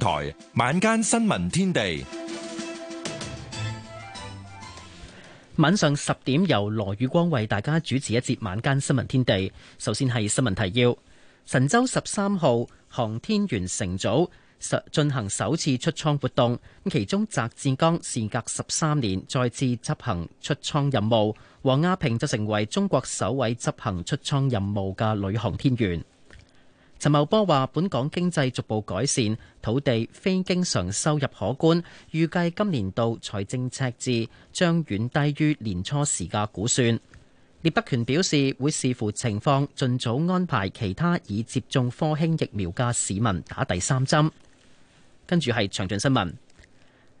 台晚間新聞天地，晚上十點由羅宇光為大家主持一節晚間新聞天地。首先係新聞提要：神舟十三號航天員乘組實進行首次出艙活動，其中翟志剛時隔十三年再次執行出艙任務，王亞平就成為中國首位執行出艙任務嘅女航天員。陳茂波話，本港經濟逐步改善，土地非經常收入可觀，預計今年度財政赤字將遠低於年初時嘅估算。聶德權表示，會視乎情況，盡早安排其他已接種科興疫苗嘅市民打第三針。跟住係詳盡新聞。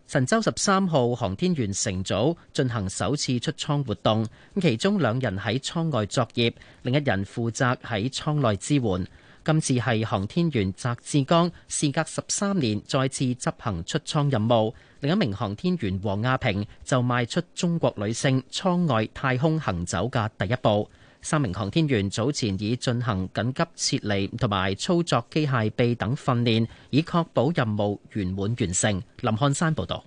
神舟十三號航天員乘組進行首次出艙活動，其中兩人喺艙外作業，另一人負責喺艙內支援。今次係航天員翟志剛事隔十三年再次執行出艙任務，另一名航天員王亞平就邁出中國女性艙外太空行走嘅第一步。三名航天員早前已進行緊急撤離同埋操作機械臂等訓練，以確保任務圓滿完成。林漢山報導。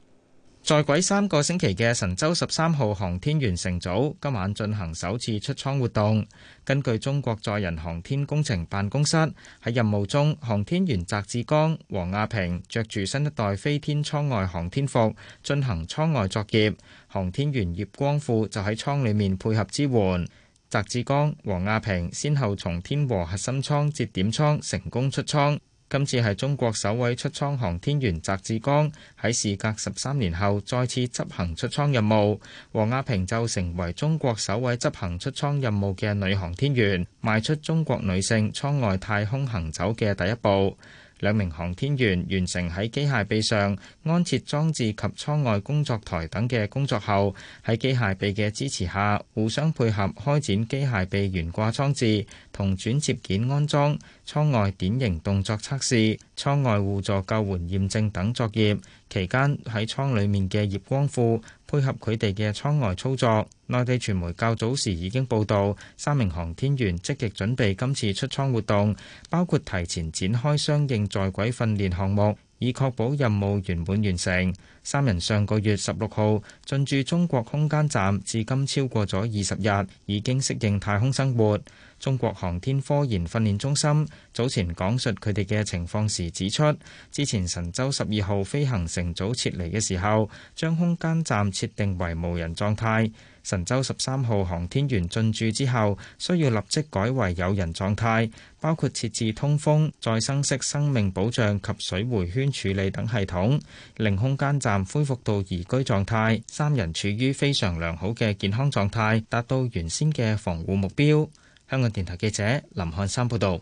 在軌三個星期嘅神舟十三號航天員乘組今晚進行首次出艙活動。根據中國載人航天工程辦公室喺任務中，航天員翟志剛、王亞平着住新一代飛天艙外航天服進行艙外作業，航天員葉光富就喺艙裏面配合支援。翟志剛、王亞平先後從天和核心艙節點艙成功出艙。今次係中國首位出艙航天員翟志剛喺事隔十三年後再次執行出艙任務，王亞平就成為中國首位執行出艙任務嘅女航天員，邁出中國女性艙外太空行走嘅第一步。兩名航天員完成喺機械臂上安設裝置及艙外工作台等嘅工作後，喺機械臂嘅支持下互相配合，開展機械臂懸掛裝置同轉接件安裝、艙外典型動作測試、艙外互助救援驗證等作業。期間喺艙裡面嘅葉光富，配合佢哋嘅艙外操作，內地傳媒較早時已經報道，三名航天員積極準備今次出艙活動，包括提前展開相應在軌訓練項目，以確保任務圓滿完成。三人上個月十六號進駐中國空間站，至今超過咗二十日，已經適應太空生活。中國航天科研訓練中心早前講述佢哋嘅情況時指出，之前神舟十二號飛行乘組撤離嘅時候，將空間站設定為無人狀態。神舟十三號航天員進駐之後，需要立即改為有人狀態，包括設置通風、再生式生命保障及水回圈處理等系統，令空間站恢復到宜居狀態。三人處於非常良好嘅健康狀態，達到原先嘅防護目標。香港電台記者林漢山報道，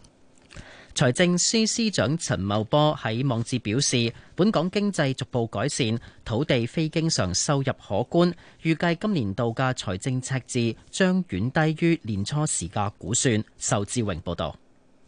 財政司司長陳茂波喺網誌表示，本港經濟逐步改善，土地非經常收入可觀，預計今年度嘅財政赤字將遠低於年初時嘅估算。仇志榮報道，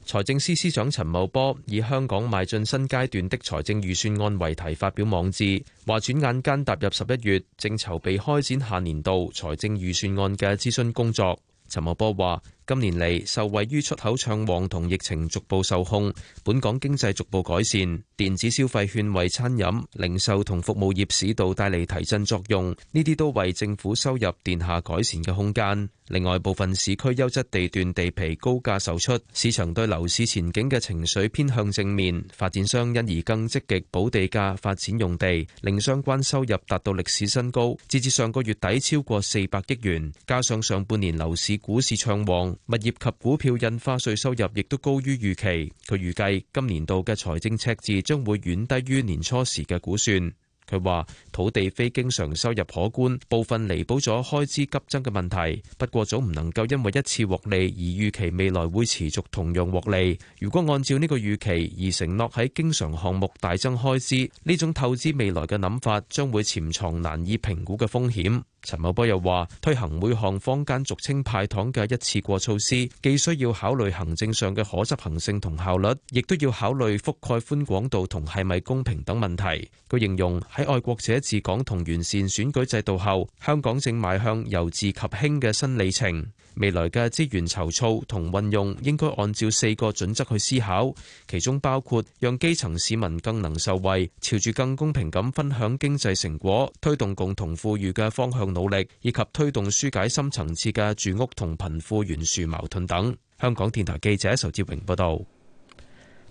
財政司司長陳茂波以香港邁進新階段的財政預算案為題發表網誌，話轉眼間踏入十一月，正籌備開展下年度財政預算案嘅諮詢工作。陳茂波話。今年嚟受惠於出口暢旺同疫情逐步受控，本港經濟逐步改善，電子消費券，為餐飲零售同服務業市道帶嚟提振作用，呢啲都為政府收入奠下改善嘅空間，另外，部分市區優質地段地皮高價售出，市場對樓市前景嘅情緒偏向正面，發展商因而更積極補地價發展用地，令相關收入達到歷史新高。截至上個月底，超過四百億元，加上上半年樓市股市暢旺。物業及股票印花稅收入亦都高於預期。佢預計今年度嘅財政赤字將會遠低於年初時嘅估算。佢話土地非經常收入可觀，部分彌補咗開支急增嘅問題。不過總唔能夠因為一次獲利而預期未來會持續同樣獲利。如果按照呢個預期而承諾喺經常項目大增開支，呢種透支未來嘅諗法將會潛藏難以評估嘅風險。陳茂波又話：推行每項坊間俗稱派糖嘅一次過措施，既需要考慮行政上嘅可執行性同效率，亦都要考慮覆蓋寬廣度同係咪公平等問題。佢形容喺愛國者治港同完善選舉制度後，香港正邁向由治及興嘅新里程。未來嘅資源籌措同運用應該按照四個準則去思考，其中包括讓基層市民更能受惠、朝住更公平咁分享經濟成果、推動共同富裕嘅方向努力，以及推動疏解深層次嘅住屋同貧富懸殊矛盾等。香港電台記者仇志榮報道。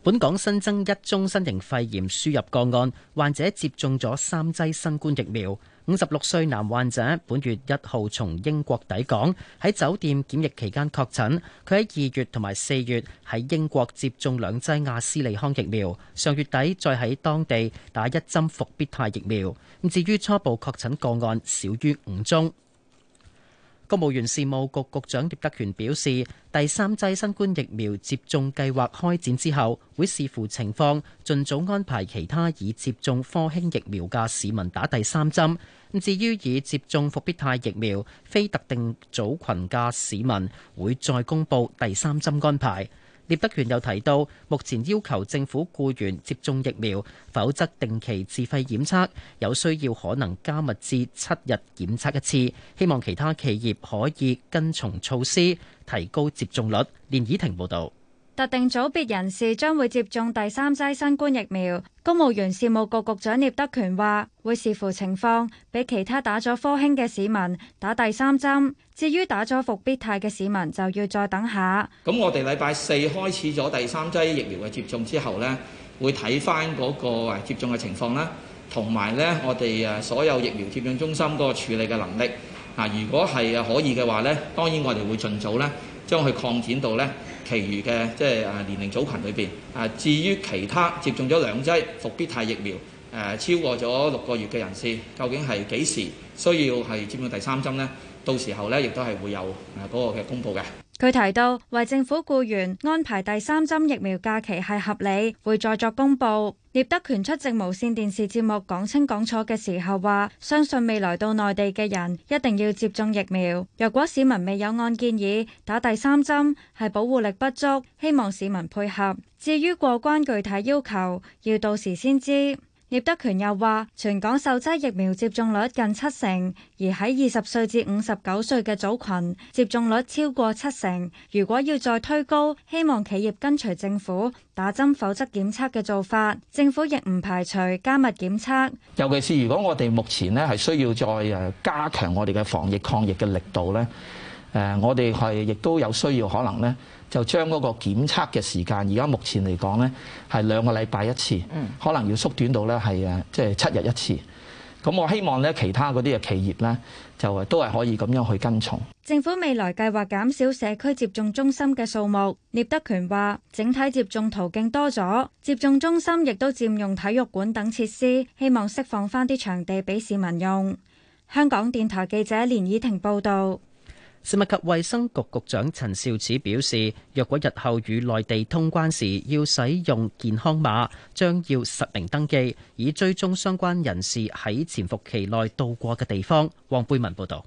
本港新增一宗新型肺炎輸入個案，患者接種咗三劑新冠疫苗。五十六歲男患者本月一號從英國抵港，喺酒店檢疫期間確診。佢喺二月同埋四月喺英國接種兩劑亞斯利康疫苗，上月底再喺當地打一針復必泰疫苗。咁至於初步確診個案少於五宗。公務員事務局局長聶德權表示，第三劑新冠疫苗接種計劃開展之後，會視乎情況盡早安排其他已接種科興疫苗嘅市民打第三針。至於已接種復必泰疫苗非特定組群嘅市民，會再公布第三針安排。聶德權又提到，目前要求政府雇員接種疫苗，否則定期自費檢測，有需要可能加密至七日檢測一次。希望其他企業可以跟從措施，提高接種率。連以婷報道。特定組別人士將會接種第三劑新冠疫苗。公務員事務局局長聶德權話，會視乎情況，俾其他打咗科興嘅市民打第三針。至於打咗復必泰嘅市民，就要再等下。咁我哋禮拜四開始咗第三劑疫苗嘅接種之後呢，會睇翻嗰個接種嘅情況啦，同埋呢，我哋誒所有疫苗接種中心嗰個處理嘅能力。嗱、啊，如果係可以嘅話呢，當然我哋會盡早咧。將佢擴展到咧，其餘嘅即係誒年齡組群裏邊啊。至於其他接種咗兩劑復必泰疫苗誒、呃，超過咗六個月嘅人士，究竟係幾時需要係接種第三針咧？到時候咧，亦都係會有誒嗰個嘅公布嘅。佢提到，為政府雇員安排第三針疫苗假期係合理，會再作公布。聶德權出席無線電視節目講清講楚嘅時候話，相信未來到內地嘅人一定要接種疫苗。若果市民未有按建議打第三針，係保護力不足，希望市民配合。至於過關具體要求，要到時先知。聶德權又話：全港首劑疫苗接種率近七成，而喺二十歲至五十九歲嘅組群接種率超過七成。如果要再推高，希望企業跟隨政府打針，否則檢測嘅做法。政府亦唔排除加密檢測，尤其是如果我哋目前呢係需要再誒加強我哋嘅防疫抗疫嘅力度呢。誒，我哋係亦都有需要，可能呢就將嗰個檢測嘅時間。而家目前嚟講呢係兩個禮拜一次，可能要縮短到呢係誒，即係、就是、七日一次。咁我希望咧，其他嗰啲嘅企業呢，就都係可以咁樣去跟從政府未來計劃減少社區接種中心嘅數目。聶德權話，整體接種途徑多咗，接種中心亦都佔用體育館等設施，希望釋放返啲場地俾市民用。香港電台記者連以婷報道。食物及衛生局局長陳肇始表示，若果日後與內地通關時要使用健康碼，將要實名登記，以追蹤相關人士喺潛伏期內到過嘅地方。黃貝文報道。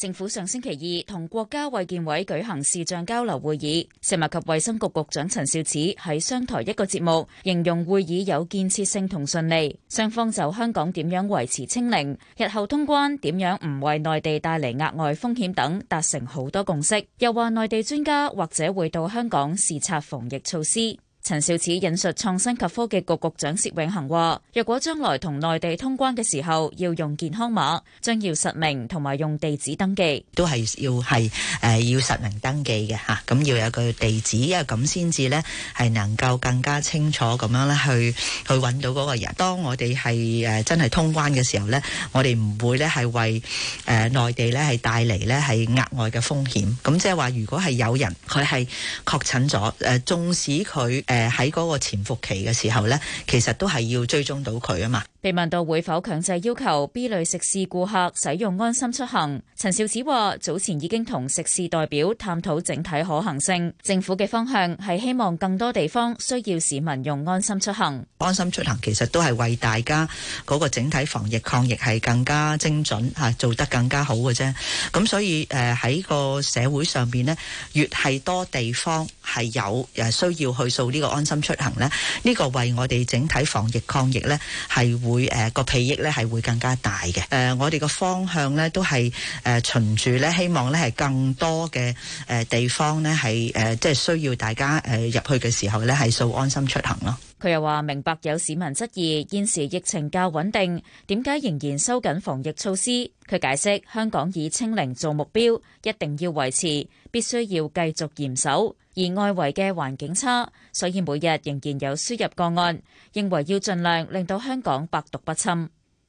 政府上星期二同國家衛健委舉行視像交流會議，食物及衛生局局長陳肇始喺商台一個節目形容會議有建設性同順利，雙方就香港點樣維持清零、日後通關點樣唔為內地帶嚟額外風險等達成好多共識，又話內地專家或者會到香港視察防疫措施。陳肇始引述創新及科技局局長薛永恒話，若果將來同內地通關嘅時候，要用健康碼，將要實名同埋用地址登記，都係要係誒要實名登記嘅吓，咁要有個地址，因為咁先至呢係能夠更加清楚咁樣咧去去揾到嗰個人。當我哋係誒真係通關嘅時候呢，我哋唔會咧係為誒內地咧係帶嚟咧係額外嘅風險。咁即係話，如果係有人佢係確診咗，誒縱使佢。誒喺嗰個潛伏期嘅時候咧，其實都係要追蹤到佢啊嘛。被問到會否強制要求 B 類食肆顧客使用安心出行，陳肇始話：早前已經同食肆代表探討整體可行性。政府嘅方向係希望更多地方需要市民用安心出行。安心出行其實都係為大家嗰個整體防疫抗疫係更加精準，嚇，做得更加好嘅啫。咁所以誒喺個社會上邊呢，越係多地方係有誒需要去掃呢個安心出行呢。這」呢個為我哋整體防疫抗疫呢係。會誒個裨益咧係會更加大嘅誒，我哋個方向咧都係誒，循住咧希望咧係更多嘅誒地方咧係誒，即係需要大家誒入去嘅時候咧係掃安心出行咯。佢又話明白有市民質疑現時疫情較穩定，點解仍然收緊防疫措施？佢解釋香港以清零做目標，一定要維持，必須要繼續嚴守。而外圍嘅環境差，所以每日仍然有輸入個案。認為要盡量令到香港百毒不侵。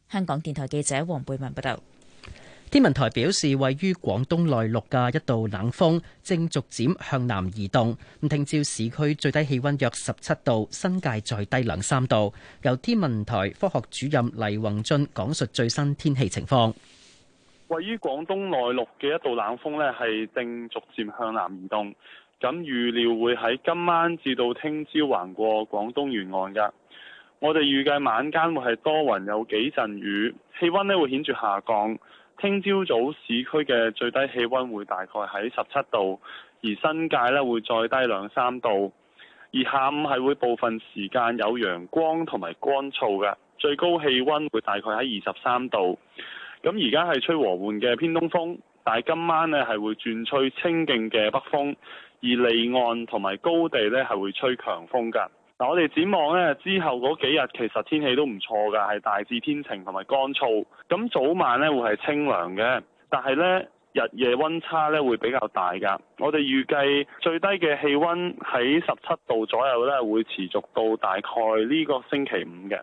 香港電台記者黃貝文報道。天文台表示，位於廣東內陸嘅一道冷鋒正逐漸向南移動。咁聽朝市區最低氣温約十七度，新界再低兩三度。由天文台科學主任黎宏俊講述最新天氣情況。位於廣東內陸嘅一道冷鋒呢，係正逐漸向南移動。咁預料會喺今晚至到聽朝橫過廣東沿岸㗎。我哋預計晚間會係多雲，有幾陣雨，氣温呢會顯著下降。聽朝早市區嘅最低氣温會大概喺十七度，而新界呢會再低兩三度。而下午係會部分時間有陽光同埋乾燥嘅，最高氣温會大概喺二十三度。咁而家係吹和緩嘅偏東風，但係今晚呢係會轉吹清勁嘅北風。而離岸同埋高地咧，係會吹強風㗎。嗱、啊，我哋展望咧之後嗰幾日，其實天氣都唔錯㗎，係大致天晴同埋乾燥。咁、嗯、早晚咧會係清涼嘅，但係咧日夜温差咧會比較大㗎。我哋預計最低嘅氣温喺十七度左右咧，會持續到大概呢個星期五嘅。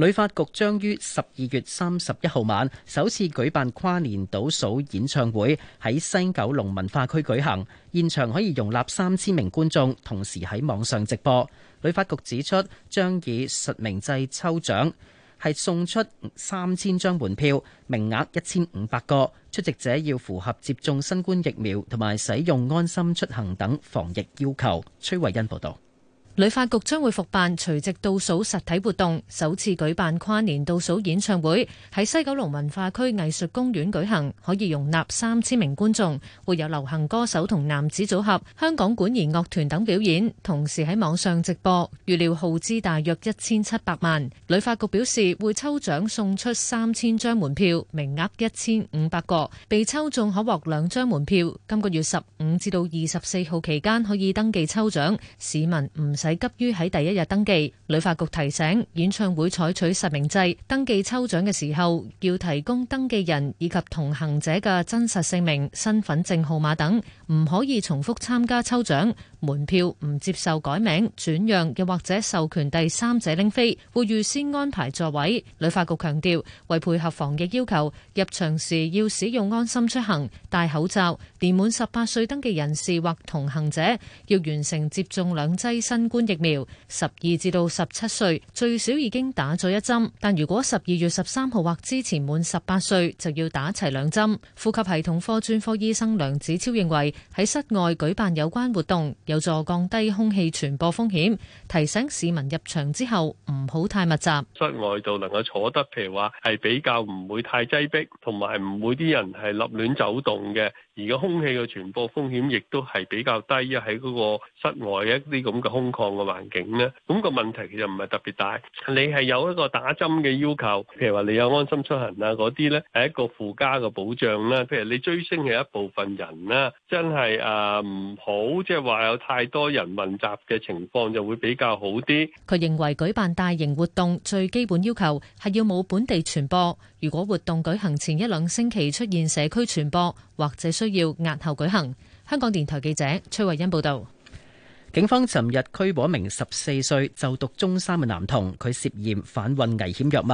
旅發局將於十二月三十一號晚首次舉辦跨年倒數演唱會，喺西九龍文化區舉行，現場可以容納三千名觀眾，同時喺網上直播。旅發局指出，將以實名制抽獎，係送出三千張門票，名額一千五百個，出席者要符合接種新冠疫苗同埋使用安心出行等防疫要求。崔慧欣報道。旅發局將會復辦除夕倒數實體活動，首次舉辦跨年倒數演唱會，喺西九龍文化區藝術公園舉行，可以容納三千名觀眾，會有流行歌手同男子組合、香港管弦樂團等表演，同時喺網上直播。預料耗資大約一千七百萬。旅發局表示會抽獎送出三千張門票，名額一千五百個，被抽中可獲兩張門票。今個月十五至到二十四號期間可以登記抽獎，市民唔使。係急於喺第一日登記，旅發局提醒演唱會採取實名制登記抽獎嘅時候，要提供登記人以及同行者嘅真實姓名、身份證號碼等，唔可以重複參加抽獎。門票唔接受改名、轉讓，又或者授權第三者拎飛。會預先安排座位。旅發局強調，為配合防疫要求，入場時要使用安心出行，戴口罩。年滿十八歲登記人士或同行者要完成接種兩劑新冠疫苗，十二至到十七歲最少已經打咗一針，但如果十二月十三號或之前滿十八歲，就要打齊兩針。呼吸系統科專科醫生梁子超認為，喺室外舉辦有關活動有助降低空氣傳播風險，提醒市民入場之後唔好太密集。室外度能夠坐得，譬如話係比較唔會太擠逼，同埋唔會啲人係立亂走動嘅。而個空氣嘅傳播風險亦都係比較低，喺嗰個室外一啲咁嘅空曠嘅環境咧，咁個問題其實唔係特別大。你係有一個打針嘅要求，譬如話你有安心出行啊嗰啲咧，係一個附加嘅保障啦。譬如你追星嘅一部分人啦，真係誒唔好，即係話有太多人混雜嘅情況，就會比較好啲。佢認為舉辦大型活動最基本要求係要冇本地傳播。如果活動舉行前一兩星期出現社區傳播，或者需要押後舉行，香港電台記者崔慧欣報導。警方尋日拘捕一名十四歲就讀中三嘅男童，佢涉嫌販運危險藥物。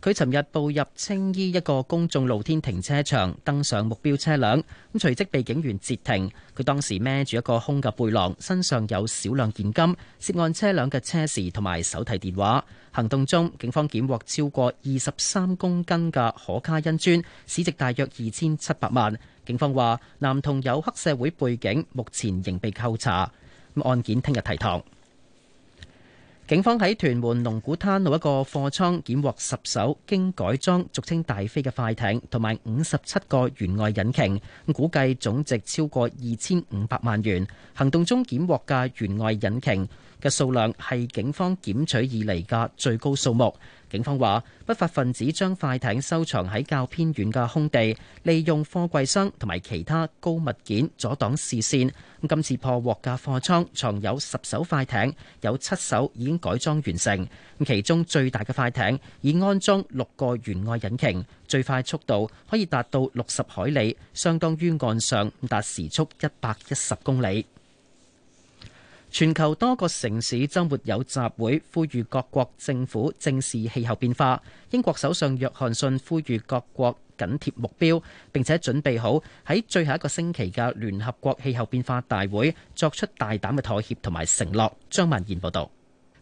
佢尋日步入青衣一個公眾露天停車場，登上目標車輛，咁隨即被警員截停。佢當時孭住一個空嘅背囊，身上有少量現金。涉案車輛嘅車匙同埋手提電話。行動中，警方檢獲超過二十三公斤嘅可卡因磚，市值大約二千七百萬。警方話，男童有黑社會背景，目前仍被扣查。案件聽日提堂。警方喺屯門龍鼓灘路一個貨倉檢獲十艘經改裝、俗稱大飛嘅快艇，同埋五十七個舷外引擎，估計總值超過二千五百萬元。行動中檢獲嘅舷外引擎嘅數量係警方檢取以嚟嘅最高數目。警方話，不法分子將快艇收藏喺較偏遠嘅空地，利用貨櫃箱同埋其他高物件阻擋視線。今次破獲嘅貨倉藏有十艘快艇，有七艘已經改裝完成。其中最大嘅快艇已安裝六個舷外引擎，最快速度可以達到六十海里，相當於岸上達時速一百一十公里。全球多個城市周末有集會，呼籲各國政府正視氣候變化。英國首相約翰遜呼籲各國緊貼目標，並且準備好喺最後一個星期嘅聯合國氣候變化大會作出大膽嘅妥協同埋承諾，張文賢報道。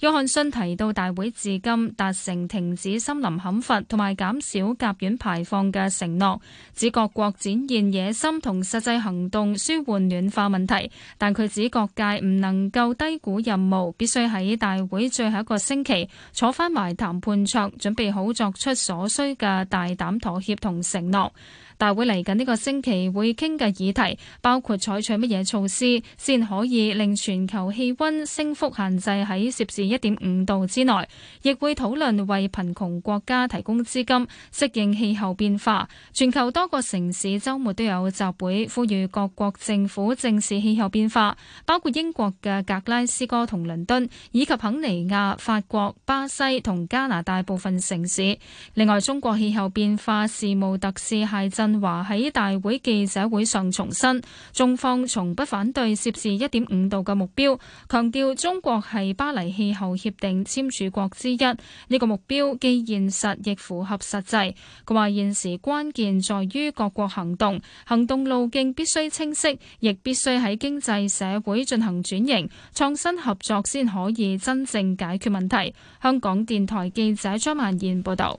約翰遜提到，大會至今達成停止森林砍伐同埋減少甲烷排放嘅承諾，指各國展現野心同實際行動舒緩暖化問題。但佢指各界唔能夠低估任務，必須喺大會最後一個星期坐翻埋談判桌，準備好作出所需嘅大膽妥協同承諾。大會嚟緊呢個星期會傾嘅議題，包括採取乜嘢措施先可以令全球氣溫升幅限制喺攝氏一點五度之內，亦會討論為貧窮國家提供資金適應氣候變化。全球多個城市周末都有集會呼籲各國政府正視氣候變化，包括英國嘅格拉斯哥同倫敦，以及肯尼亞、法國、巴西同加拿大部分城市。另外，中國氣候變化事務特使系真華喺大會記者會上重申，中方從不反對攝氏一點五度嘅目標，強調中國係巴黎氣候協定簽署國之一，呢、這個目標既現實亦符合實際。佢話現時關鍵在於各國行動，行動路徑必須清晰，亦必須喺經濟社會進行轉型、創新合作，先可以真正解決問題。香港電台記者張曼燕報道。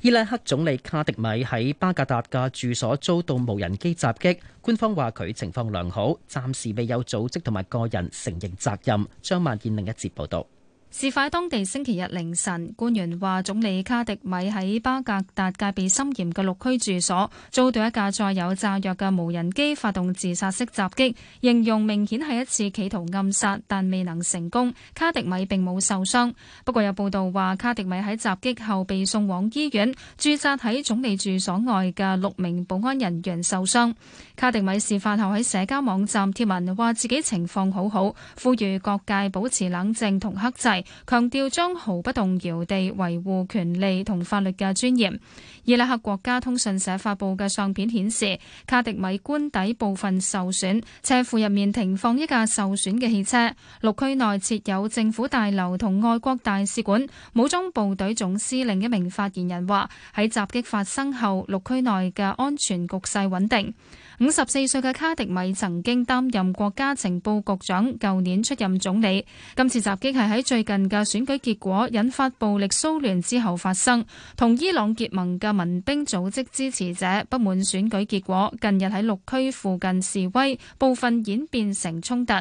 伊拉克總理卡迪米喺巴格達嘅住所遭到無人機襲擊，官方話佢情況良好，暫時未有組織同埋個人承認責任。張萬健另一節報道。事發當地星期日凌晨，官員話總理卡迪米喺巴格達戒備森嚴嘅綠區住所遭到一架載有炸藥嘅無人機發動自殺式襲擊，形容明顯係一次企圖暗殺，但未能成功。卡迪米並冇受傷，不過有報道話卡迪米喺襲擊後被送往醫院。駐紮喺總理住所外嘅六名保安人員受傷。卡迪米事發後喺社交網站貼文話自己情況好好，呼籲各界保持冷靜同克制。強調將毫不動搖地維護權利同法律嘅尊嚴。伊拉克國家通訊社發佈嘅相片顯示，卡迪米官邸部分受損，車庫入面停放一架受損嘅汽車。綠區內設有政府大樓同外國大使館。武裝部隊總司令一名發言人話：喺襲擊發生後，綠區內嘅安全局勢穩定。五十四歲嘅卡迪米曾經擔任國家情報局長，舊年出任總理。今次襲擊係喺最近嘅選舉結果引發暴力騷亂之後發生。同伊朗結盟嘅民兵組織支持者不滿選舉結果，近日喺綠區附近示威，部分演變成衝突。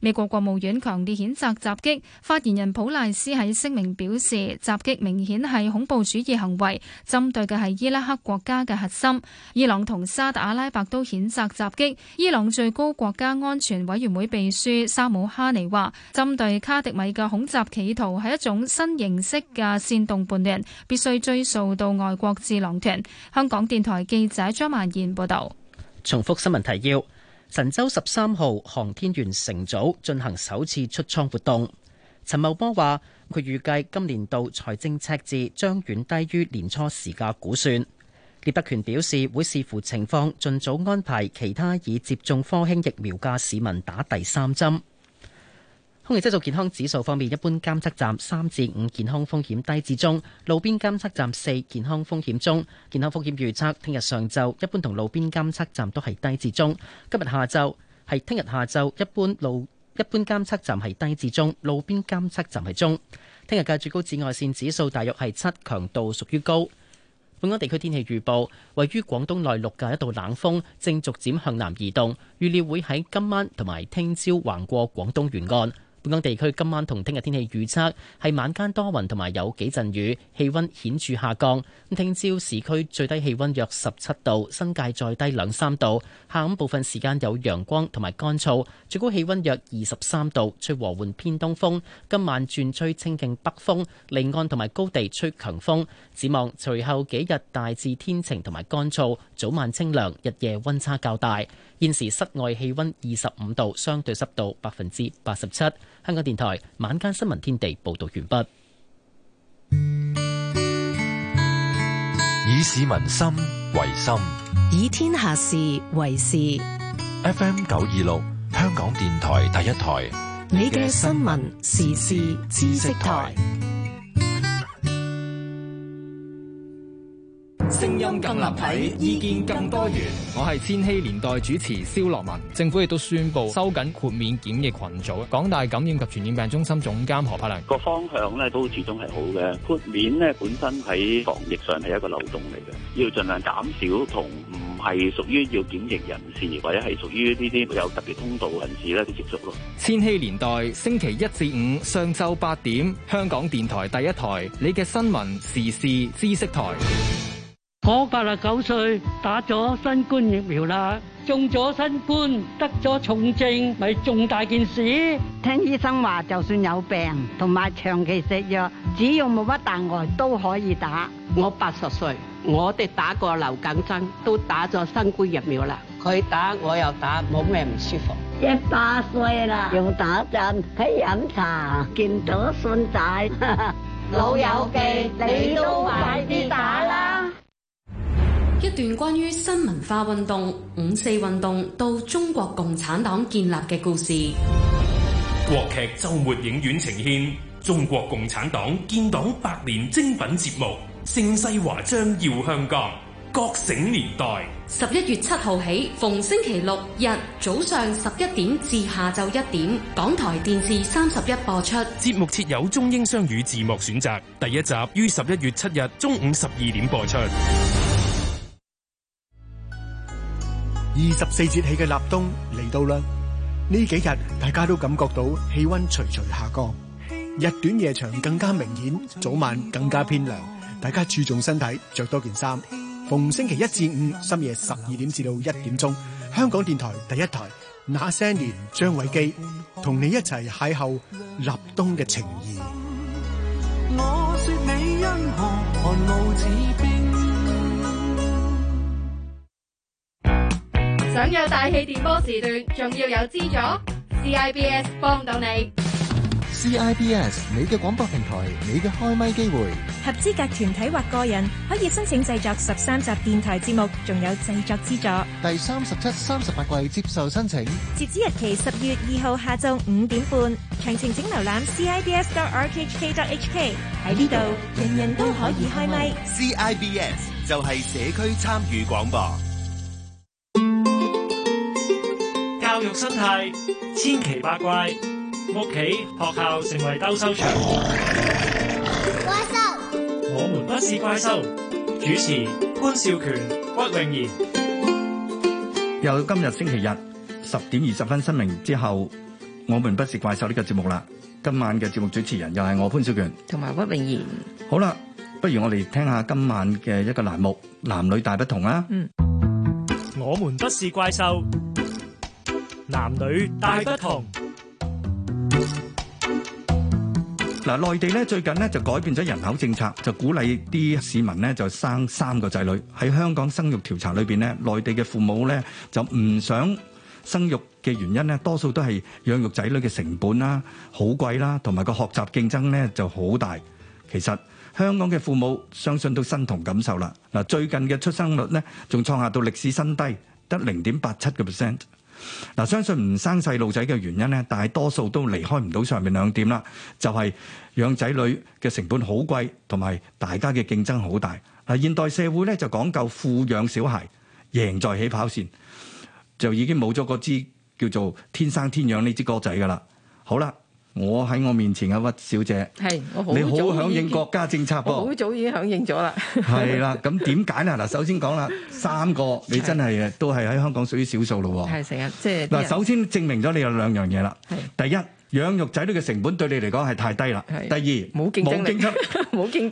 美國國務院強烈譴責襲擊，發言人普賴斯喺聲明表示，襲擊明顯係恐怖主義行為，針對嘅係伊拉克國家嘅核心。伊朗同沙特阿拉伯都顯譴責襲擊，伊朗最高國家安全委員會秘書沙姆哈尼話，針對卡迪米嘅恐襲企圖係一種新形式嘅煽動叛亂，必須追溯到外國智囊團。香港電台記者張曼燕報道。重複新聞提要，神舟十三號航天員乘組進行首次出艙活動。陳茂波話，佢預計今年度財政赤字將遠低於年初時嘅估算。聶德權表示會視乎情況，盡早安排其他已接種科興疫苗嘅市民打第三針。空氣質素健康指數方面，一般監測站三至五，健康風險低至中；路邊監測站四，健康風險中。健康風險預測聽日上晝一般同路邊監測站都係低至中。今日下晝係聽日下晝一般路一般監測站係低至中，路邊監測站係中。聽日嘅最高紫外線指數大約係七，強度屬於高。本港地區天氣預報：位於廣東內陸嘅一道冷風，正逐漸向南移動，預料會喺今晚同埋聽朝橫過廣東沿岸。本港地區今晚同聽日天氣預測係晚間多雲同埋有幾陣雨，氣温顯著下降。咁聽朝市區最低氣温約十七度，新界再低兩三度。下午部分時間有陽光同埋乾燥，最高氣温約二十三度，吹和緩偏東風。今晚轉吹清勁北風，離岸同埋高地吹強風。展望隨後幾日大致天晴同埋乾燥，早晚清涼，日夜温差較大。現時室外氣溫二十五度，相對濕度百分之八十七。香港電台晚間新聞天地報道完畢。以市民心為心，以天下事為事。FM 九二六，香港電台第一台，你嘅新聞時事知識台。聲音更立體，意見更多元。我係千禧年代主持蕭樂文。政府亦都宣布收緊豁免檢疫群組。港大感染及傳染病中心總監何柏良個方向咧都始終係好嘅。豁免咧本身喺防疫上係一個漏洞嚟嘅，要盡量減少同唔係屬於要檢疫人士，或者係屬於呢啲有特別通道人士咧啲接觸咯。千禧年代星期一至五上晝八點，香港電台第一台，你嘅新聞時事知識台。我八十九歲，打咗新冠疫苗啦，中咗新冠，得咗重症，咪重大件事。聽醫生話，就算有病同埋長期食藥，只要冇乜大礙都可以打。我八十歲，我哋打過流感針，都打咗新冠疫苗啦。佢打，我又打，冇咩唔舒服。一百歲啦，又打針，喺飲茶，見到信仔，老友記，你都快啲打啦。一段關於新文化運動、五四運動到中國共產黨建立嘅故事。國劇周末影院呈現中國共產黨建黨百年精品節目《盛世華章耀香港》。覺醒年代，十一月七號起，逢星期六日早上十一點至下晝一點，港台電視三十一播出。節目設有中英雙語字幕選擇。第一集於十一月七日中午十二點播出。二十四節氣嘅立冬嚟到啦！呢幾日大家都感覺到氣溫徐徐下降，日短夜長更加明顯，早晚更加偏涼，大家注重身體，着多件衫。逢星期一至五深夜十二點至到一點鐘，香港電台第一台那些年張偉基同你一齊邂逅立冬嘅情誼。 享有大氣電波時段，仲要有資助，CIBS 幫到你。CIBS，你嘅廣播平台，你嘅開咪機會。合資格團體或個人可以申請製作十三集電台節目，仲有製作資助。第三十七、三十八季接受申請，截止日期十月二號下晝五點半。詳情請瀏覽 CIBS.RTHK.HK。喺呢度，B K H K 嗯、人人都可以開咪。CIBS、嗯、就係社區參與廣播。教育生態千奇百怪，屋企、學校成為鬥獸場。怪獸，我們不是怪獸。主持潘少權、屈穎妍。又到今日星期日十點二十分，新聞之後，我們不是怪獸呢個節目啦。今晚嘅節目主持人又係我潘少權，同埋屈穎妍。好啦，不如我哋聽下今晚嘅一個欄目，男女大不同啦。嗯，我們不是怪獸。男女大不同。嗱，內地咧最近咧就改變咗人口政策，就鼓勵啲市民咧就生三個仔女。喺香港生育調查裏邊咧，內地嘅父母咧就唔想生育嘅原因咧，多數都係養育仔女嘅成本啦，好貴啦，同埋個學習競爭咧就好大。其實香港嘅父母相信到身同感受啦。嗱，最近嘅出生率咧仲創下到歷史新低，得零點八七個 percent。嗱，相信唔生細路仔嘅原因咧，大多數都離開唔到上面兩點啦，就係養仔女嘅成本好貴，同埋大家嘅競爭好大。嗱，現代社會咧就講究富養小孩，贏在起跑線，就已經冇咗嗰支叫做天生天養呢支歌仔噶啦。好啦。我喺我面前嘅屈小姐，係你好響應國家政策，我好早已經響應咗啦。係 啦，咁點解咧？嗱，首先講啦，三個你真係都係喺香港屬於少數咯。係成日即係嗱，就是、首先證明咗你有兩樣嘢啦。係的第一，養育仔女嘅成本對你嚟講係太低啦。係的第二，冇競爭力，冇競。